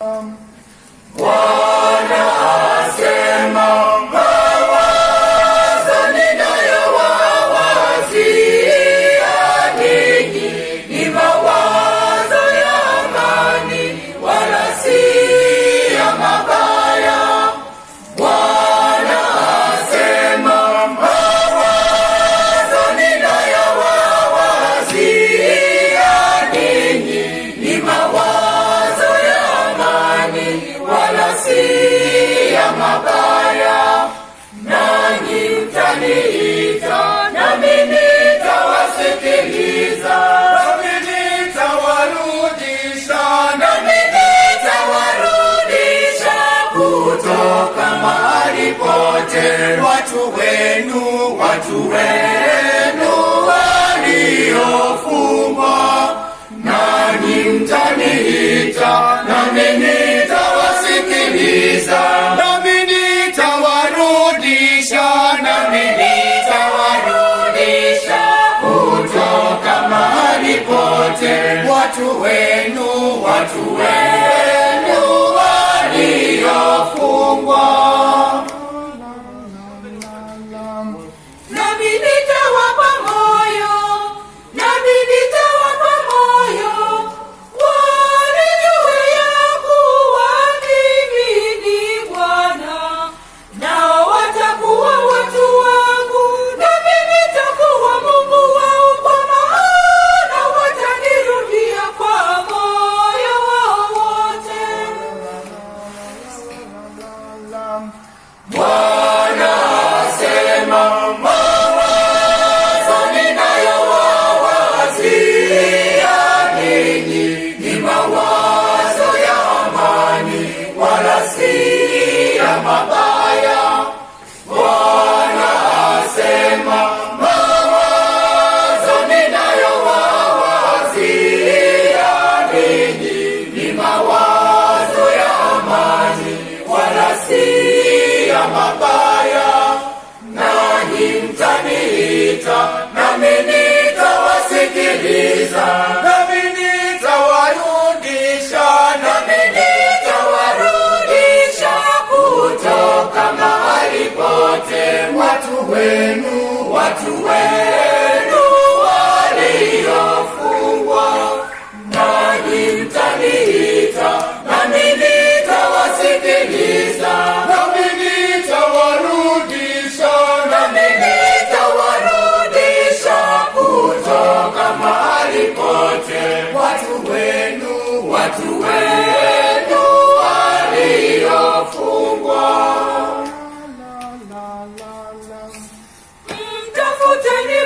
Um. watu wenu, watu wenu waliofungwa, nani mtaniita, nami nitawasikiliza, nami nitawarudisha, nami nitawarudisha kutoka mahali pote, watu wenu, watu wenu wenu watu tell me